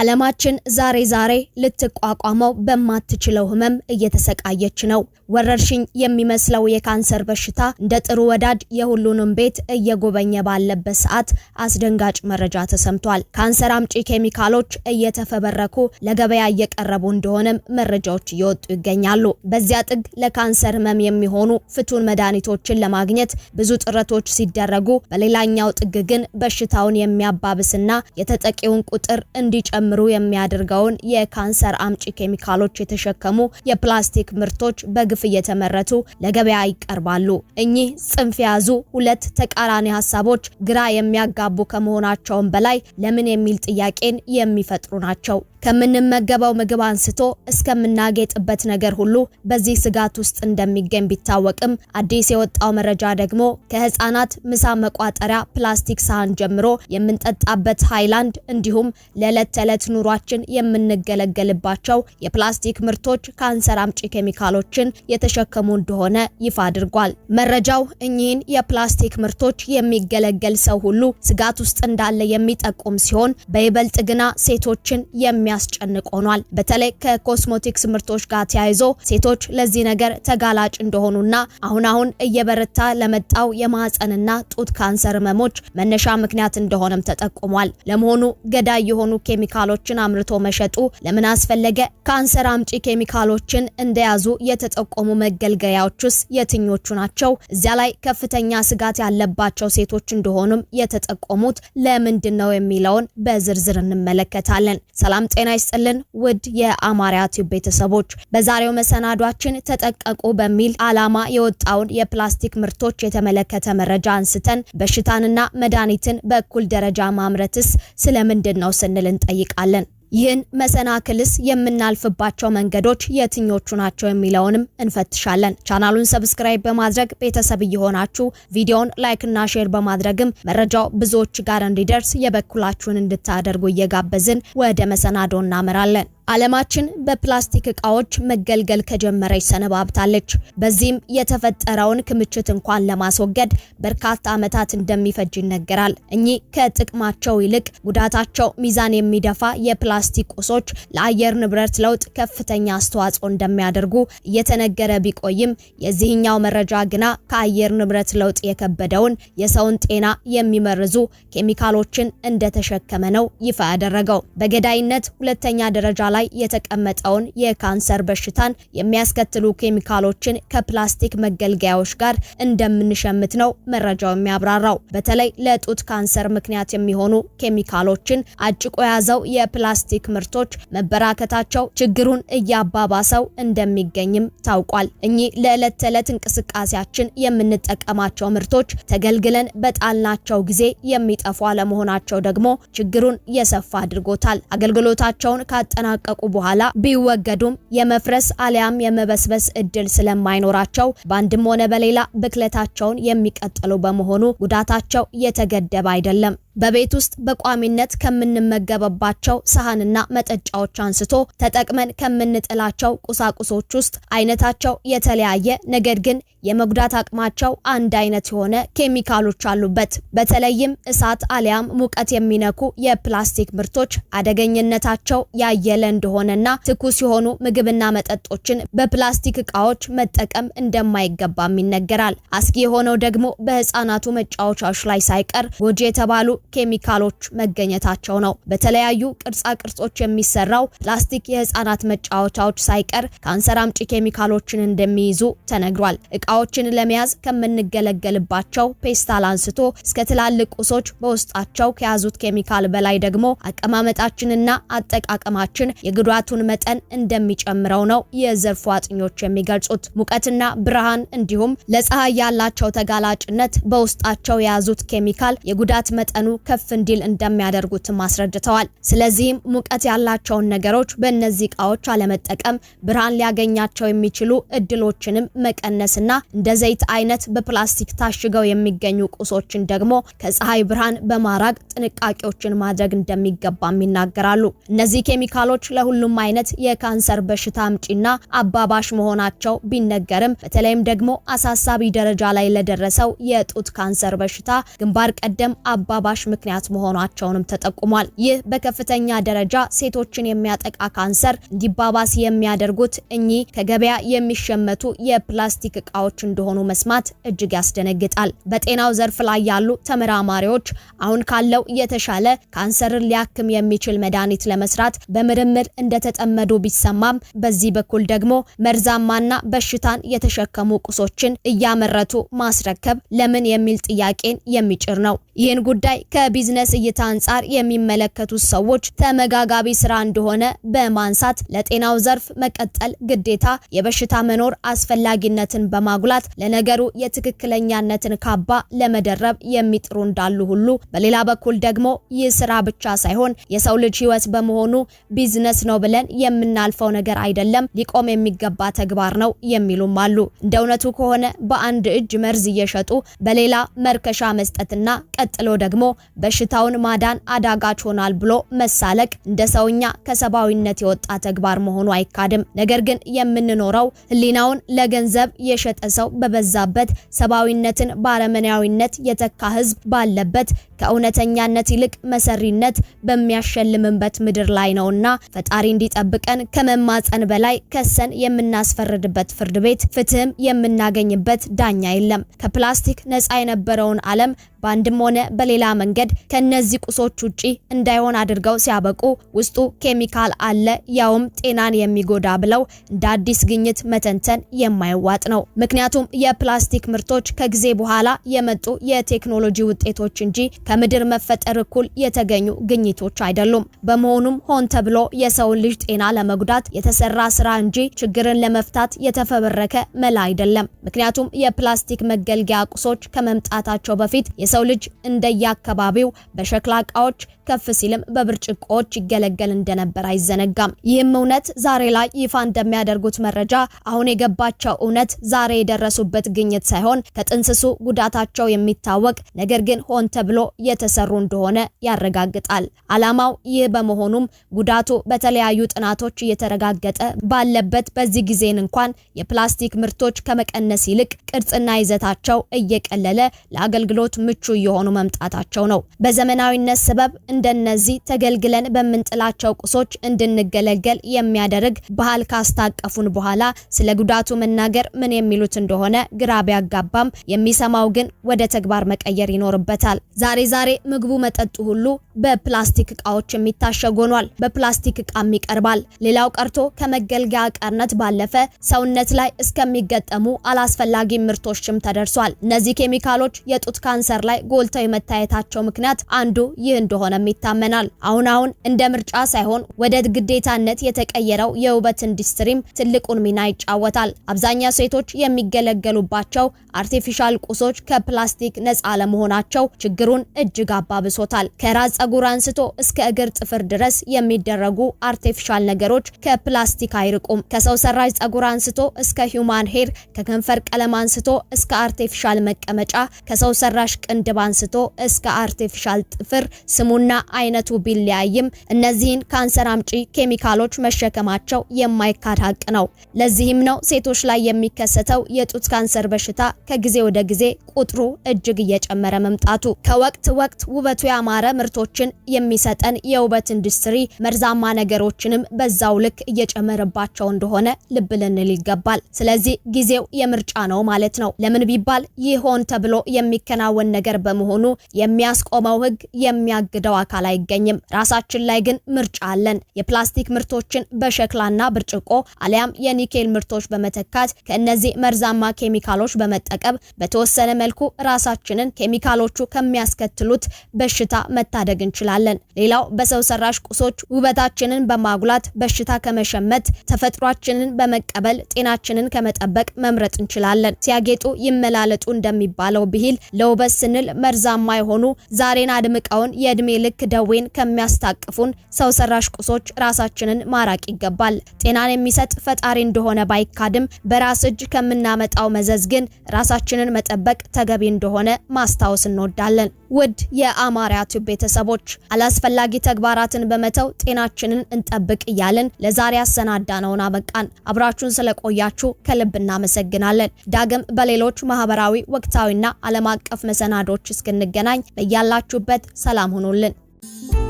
ዓለማችን ዛሬ ዛሬ ልትቋቋመው በማትችለው ህመም እየተሰቃየች ነው። ወረርሽኝ የሚመስለው የካንሰር በሽታ እንደ ጥሩ ወዳጅ የሁሉንም ቤት እየጎበኘ ባለበት ሰዓት አስደንጋጭ መረጃ ተሰምቷል። ካንሰር አምጪ ኬሚካሎች እየተፈበረኩ ለገበያ እየቀረቡ እንደሆነም መረጃዎች እየወጡ ይገኛሉ። በዚያ ጥግ ለካንሰር ህመም የሚሆኑ ፍቱን መድኃኒቶችን ለማግኘት ብዙ ጥረቶች ሲደረጉ፣ በሌላኛው ጥግ ግን በሽታውን የሚያባብስና የተጠቂውን ቁጥር እንዲጨምር ምርምሩ የሚያደርገውን የካንሰር አምጪ ኬሚካሎች የተሸከሙ የፕላስቲክ ምርቶች በግፍ እየተመረቱ ለገበያ ይቀርባሉ። እኚህ ጽንፍ የያዙ ሁለት ተቃራኒ ሀሳቦች ግራ የሚያጋቡ ከመሆናቸውም በላይ ለምን የሚል ጥያቄን የሚፈጥሩ ናቸው። ከምንመገበው ምግብ አንስቶ እስከምናጌጥበት ነገር ሁሉ በዚህ ስጋት ውስጥ እንደሚገኝ ቢታወቅም አዲስ የወጣው መረጃ ደግሞ ከህፃናት ምሳ መቋጠሪያ ፕላስቲክ ሳህን ጀምሮ የምንጠጣበት ሃይላንድ እንዲሁም ለዕለት ተዕለት ኑሯችን የምንገለገልባቸው የፕላስቲክ ምርቶች ካንሰር አምጪ ኬሚካሎችን የተሸከሙ እንደሆነ ይፋ አድርጓል። መረጃው እኚህን የፕላስቲክ ምርቶች የሚገለገል ሰው ሁሉ ስጋት ውስጥ እንዳለ የሚጠቁም ሲሆን በይበልጥ ግና ሴቶችን የሚ የሚያስጨንቅ ሆኗል። በተለይ ከኮስሞቲክስ ምርቶች ጋር ተያይዞ ሴቶች ለዚህ ነገር ተጋላጭ እንደሆኑና አሁን አሁን እየበረታ ለመጣው የማህፀንና ጡት ካንሰር ህመሞች መነሻ ምክንያት እንደሆነም ተጠቁሟል። ለመሆኑ ገዳይ የሆኑ ኬሚካሎችን አምርቶ መሸጡ ለምን አስፈለገ? ካንሰር አምጪ ኬሚካሎችን እንደያዙ የተጠቆሙ መገልገያዎችስ የትኞቹ ናቸው? እዚያ ላይ ከፍተኛ ስጋት ያለባቸው ሴቶች እንደሆኑም የተጠቆሙት ለምንድን ነው የሚለውን በዝርዝር እንመለከታለን። ሰላም ጤና ይስጥልን ውድ የአማርያ ቲዩብ ቤተሰቦች በዛሬው መሰናዷችን ተጠቀቁ በሚል ዓላማ የወጣውን የፕላስቲክ ምርቶች የተመለከተ መረጃ አንስተን በሽታንና መድኃኒትን በእኩል ደረጃ ማምረትስ ስለምንድን ነው ስንል እንጠይቃለን። ይህን መሰናክልስ የምናልፍባቸው መንገዶች የትኞቹ ናቸው የሚለውንም እንፈትሻለን። ቻናሉን ሰብስክራይብ በማድረግ ቤተሰብ እየሆናችሁ ቪዲዮውን ላይክና ሼር በማድረግም መረጃው ብዙዎች ጋር እንዲደርስ የበኩላችሁን እንድታደርጉ እየጋበዝን ወደ መሰናዶ እናመራለን። ዓለማችን በፕላስቲክ እቃዎች መገልገል ከጀመረች ሰነባብታለች። በዚህም የተፈጠረውን ክምችት እንኳን ለማስወገድ በርካታ ዓመታት እንደሚፈጅ ይነገራል። እኚህ ከጥቅማቸው ይልቅ ጉዳታቸው ሚዛን የሚደፋ የፕላስቲክ ቁሶች ለአየር ንብረት ለውጥ ከፍተኛ አስተዋጽኦ እንደሚያደርጉ እየተነገረ ቢቆይም የዚህኛው መረጃ ግና ከአየር ንብረት ለውጥ የከበደውን የሰውን ጤና የሚመርዙ ኬሚካሎችን እንደተሸከመ ነው ይፋ ያደረገው። በገዳይነት ሁለተኛ ደረጃ ላይ ላይ የተቀመጠውን የካንሰር በሽታን የሚያስከትሉ ኬሚካሎችን ከፕላስቲክ መገልገያዎች ጋር እንደምንሸምት ነው መረጃው የሚያብራራው። በተለይ ለጡት ካንሰር ምክንያት የሚሆኑ ኬሚካሎችን አጭቆ የያዘው የፕላስቲክ ምርቶች መበራከታቸው ችግሩን እያባባሰው እንደሚገኝም ታውቋል። እኚህ ለዕለት ተዕለት እንቅስቃሴያችን የምንጠቀማቸው ምርቶች ተገልግለን በጣልናቸው ጊዜ የሚጠፉ አለመሆናቸው ደግሞ ችግሩን የሰፋ አድርጎታል። አገልግሎታቸውን ካጠናቀ ከተጠናቀቁ በኋላ ቢወገዱም የመፍረስ አሊያም የመበስበስ እድል ስለማይኖራቸው በአንድም ሆነ በሌላ ብክለታቸውን የሚቀጥሉ በመሆኑ ጉዳታቸው የተገደበ አይደለም። በቤት ውስጥ በቋሚነት ከምንመገበባቸው ሳህንና መጠጫዎች አንስቶ ተጠቅመን ከምንጥላቸው ቁሳቁሶች ውስጥ አይነታቸው የተለያየ ነገር ግን የመጉዳት አቅማቸው አንድ አይነት የሆነ ኬሚካሎች አሉበት። በተለይም እሳት አሊያም ሙቀት የሚነኩ የፕላስቲክ ምርቶች አደገኝነታቸው ያየለ እንደሆነና ትኩስ የሆኑ ምግብና መጠጦችን በፕላስቲክ እቃዎች መጠቀም እንደማይገባም ይነገራል። አስጊ የሆነው ደግሞ በህፃናቱ መጫወቻዎች ላይ ሳይቀር ጎጂ የተባሉ ኬሚካሎች መገኘታቸው ነው። በተለያዩ ቅርጻ ቅርጾች የሚሰራው ፕላስቲክ የህፃናት መጫወቻዎች ሳይቀር ካንሰር አምጪ ኬሚካሎችን እንደሚይዙ ተነግሯል። እቃዎችን ለመያዝ ከምንገለገልባቸው ፔስታል አንስቶ እስከ ትላልቅ ቁሶች በውስጣቸው ከያዙት ኬሚካል በላይ ደግሞ አቀማመጣችንና አጠቃቀማችን የጉዳቱን መጠን እንደሚጨምረው ነው የዘርፉ አጥኞች የሚገልጹት። ሙቀትና ብርሃን እንዲሁም ለፀሐይ ያላቸው ተጋላጭነት በውስጣቸው የያዙት ኬሚካል የጉዳት መጠኑ መጠኑ ከፍ እንዲል እንደሚያደርጉትም አስረድተዋል። ስለዚህም ሙቀት ያላቸውን ነገሮች በእነዚህ እቃዎች አለመጠቀም ብርሃን ሊያገኛቸው የሚችሉ እድሎችንም መቀነስና እንደ ዘይት አይነት በፕላስቲክ ታሽገው የሚገኙ ቁሶችን ደግሞ ከፀሐይ ብርሃን በማራቅ ጥንቃቄዎችን ማድረግ እንደሚገባም ይናገራሉ። እነዚህ ኬሚካሎች ለሁሉም አይነት የካንሰር በሽታ አምጪና አባባሽ መሆናቸው ቢነገርም በተለይም ደግሞ አሳሳቢ ደረጃ ላይ ለደረሰው የጡት ካንሰር በሽታ ግንባር ቀደም አባባሽ ተደራሽ ምክንያት መሆናቸውንም ተጠቁሟል። ይህ በከፍተኛ ደረጃ ሴቶችን የሚያጠቃ ካንሰር እንዲባባስ የሚያደርጉት እኚህ ከገበያ የሚሸመቱ የፕላስቲክ እቃዎች እንደሆኑ መስማት እጅግ ያስደነግጣል። በጤናው ዘርፍ ላይ ያሉ ተመራማሪዎች አሁን ካለው የተሻለ ካንሰርን ሊያክም የሚችል መድኃኒት ለመስራት በምርምር እንደተጠመዱ ቢሰማም በዚህ በኩል ደግሞ መርዛማና በሽታን የተሸከሙ ቁሶችን እያመረቱ ማስረከብ ለምን የሚል ጥያቄን የሚጭር ነው። ይህን ጉዳይ ከቢዝነስ እይታ አንጻር የሚመለከቱት ሰዎች ተመጋጋቢ ስራ እንደሆነ በማንሳት ለጤናው ዘርፍ መቀጠል ግዴታ የበሽታ መኖር አስፈላጊነትን በማጉላት ለነገሩ የትክክለኛነትን ካባ ለመደረብ የሚጥሩ እንዳሉ ሁሉ በሌላ በኩል ደግሞ ይህ ስራ ብቻ ሳይሆን የሰው ልጅ ህይወት በመሆኑ ቢዝነስ ነው ብለን የምናልፈው ነገር አይደለም፣ ሊቆም የሚገባ ተግባር ነው የሚሉም አሉ። እንደ እውነቱ ከሆነ በአንድ እጅ መርዝ እየሸጡ በሌላ መርከሻ መስጠትና ቀጥሎ ደግሞ በሽታውን ማዳን አዳጋች ሆናል ብሎ መሳለቅ እንደ ሰውኛ ከሰብአዊነት የወጣ ተግባር መሆኑ አይካድም። ነገር ግን የምንኖረው ህሊናውን ለገንዘብ የሸጠ ሰው በበዛበት፣ ሰብአዊነትን ባረመናዊነት የተካ ህዝብ ባለበት ከእውነተኛነት ይልቅ መሰሪነት በሚያሸልምበት ምድር ላይ ነውና ፈጣሪ እንዲጠብቀን ከመማፀን በላይ ከሰን የምናስፈርድበት ፍርድ ቤት፣ ፍትህም የምናገኝበት ዳኛ የለም። ከፕላስቲክ ነፃ የነበረውን ዓለም በአንድም ሆነ በሌላ መንገድ ከነዚህ ቁሶች ውጪ እንዳይሆን አድርገው ሲያበቁ ውስጡ ኬሚካል አለ ያውም ጤናን የሚጎዳ ብለው እንደ አዲስ ግኝት መተንተን የማይዋጥ ነው። ምክንያቱም የፕላስቲክ ምርቶች ከጊዜ በኋላ የመጡ የቴክኖሎጂ ውጤቶች እንጂ ከምድር መፈጠር እኩል የተገኙ ግኝቶች አይደሉም። በመሆኑም ሆን ተብሎ የሰውን ልጅ ጤና ለመጉዳት የተሰራ ስራ እንጂ ችግርን ለመፍታት የተፈበረከ መላ አይደለም። ምክንያቱም የፕላስቲክ መገልገያ ቁሶች ከመምጣታቸው በፊት የሰው ልጅ እንደየአካባቢው በሸክላ እቃዎች ከፍ ሲልም በብርጭቆዎች ይገለገል እንደነበር አይዘነጋም። ይህም እውነት ዛሬ ላይ ይፋ እንደሚያደርጉት መረጃ አሁን የገባቸው እውነት ዛሬ የደረሱበት ግኝት ሳይሆን ከጥንስሱ ጉዳታቸው የሚታወቅ ነገር ግን ሆን ተብሎ የተሰሩ እንደሆነ ያረጋግጣል። አላማው ይህ በመሆኑም ጉዳቱ በተለያዩ ጥናቶች እየተረጋገጠ ባለበት በዚህ ጊዜን እንኳን የፕላስቲክ ምርቶች ከመቀነስ ይልቅ ቅርጽና ይዘታቸው እየቀለለ ለአገልግሎት ምቹ እየሆኑ መምጣታቸው ነው። በዘመናዊነት ሰበብ እንደነዚህ ተገልግለን በምንጥላቸው ቁሶች እንድንገለገል የሚያደርግ ባህል ካስታቀፉን በኋላ ስለ ጉዳቱ መናገር ምን የሚሉት እንደሆነ ግራ ቢያጋባም የሚሰማው ግን ወደ ተግባር መቀየር ይኖርበታል። ዛሬ ዛሬ ምግቡ መጠጡ ሁሉ በፕላስቲክ እቃዎች የሚታሸግ ሆኗል። በፕላስቲክ እቃም ይቀርባል። ሌላው ቀርቶ ከመገልገያ ቀርነት ባለፈ ሰውነት ላይ እስከሚገጠሙ አላስፈላጊ ምርቶችም ተደርሷል። እነዚህ ኬሚካሎች የጡት ካንሰር ላይ ጎልተው የመታየታቸው ምክንያት አንዱ ይህ እንደሆነም ይታመናል። አሁን አሁን እንደ ምርጫ ሳይሆን ወደ ግዴታነት የተቀየረው የውበት ኢንዱስትሪም ትልቁን ሚና ይጫወታል። አብዛኛው ሴቶች የሚገለገሉባቸው አርቲፊሻል ቁሶች ከፕላስቲክ ነጻ ለመሆናቸው ችግሩን እጅግ አባብሶታል። ከራስ ጸጉር አንስቶ እስከ እግር ጥፍር ድረስ የሚደረጉ አርቴፊሻል ነገሮች ከፕላስቲክ አይርቁም። ከሰው ሰራሽ ጸጉር አንስቶ እስከ ሂውማን ሄር፣ ከከንፈር ቀለም አንስቶ እስከ አርቴፊሻል መቀመጫ፣ ከሰው ሰራሽ ቅንድብ አንስቶ እስከ አርቴፊሻል ጥፍር ስሙና አይነቱ ቢለያይም እነዚህን ካንሰር አምጪ ኬሚካሎች መሸከማቸው የማይካድ ሀቅ ነው። ለዚህም ነው ሴቶች ላይ የሚከሰተው የጡት ካንሰር በሽታ ከጊዜ ወደ ጊዜ ቁጥሩ እጅግ እየጨመረ መምጣቱ ከወቅት ወቅት ውበቱ ያማረ ምርቶችን የሚሰጠን የውበት ኢንዱስትሪ መርዛማ ነገሮችንም በዛው ልክ እየጨመረባቸው እንደሆነ ልብ ልንል ይገባል። ስለዚህ ጊዜው የምርጫ ነው ማለት ነው። ለምን ቢባል ይሆን ተብሎ የሚከናወን ነገር በመሆኑ የሚያስቆመው ሕግ የሚያግደው አካል አይገኝም። ራሳችን ላይ ግን ምርጫ አለን። የፕላስቲክ ምርቶችን በሸክላና ብርጭቆ አሊያም የኒኬል ምርቶች በመተካት ከእነዚህ መርዛማ ኬሚካሎች በመጠቀም በተወሰነ መልኩ ራሳችንን ኬሚካሎቹ ከሚያስከት ከሚያስከትሉት በሽታ መታደግ እንችላለን። ሌላው በሰው ሰራሽ ቁሶች ውበታችንን በማጉላት በሽታ ከመሸመት ተፈጥሯችንን በመቀበል ጤናችንን ከመጠበቅ መምረጥ እንችላለን። ሲያጌጡ ይመላለጡ እንደሚባለው ብሂል ለውበት ስንል መርዛማ የሆኑ ዛሬን አድምቀውን የእድሜ ልክ ደዌን ከሚያስታቅፉን ሰው ሰራሽ ቁሶች ራሳችንን ማራቅ ይገባል። ጤናን የሚሰጥ ፈጣሪ እንደሆነ ባይካድም በራስ እጅ ከምናመጣው መዘዝ ግን ራሳችንን መጠበቅ ተገቢ እንደሆነ ማስታወስ እንወዳለን። ውድ የአማርያ ቲዩብ ቤተሰቦች አላስፈላጊ ተግባራትን በመተው ጤናችንን እንጠብቅ እያልን ለዛሬ አሰናዳ ነውን አበቃን። አብራችሁን ስለቆያችሁ ከልብ እናመሰግናለን። ዳግም በሌሎች ማህበራዊ ወቅታዊና ዓለም አቀፍ መሰናዶች እስክንገናኝ በያላችሁበት ሰላም ሁኑልን።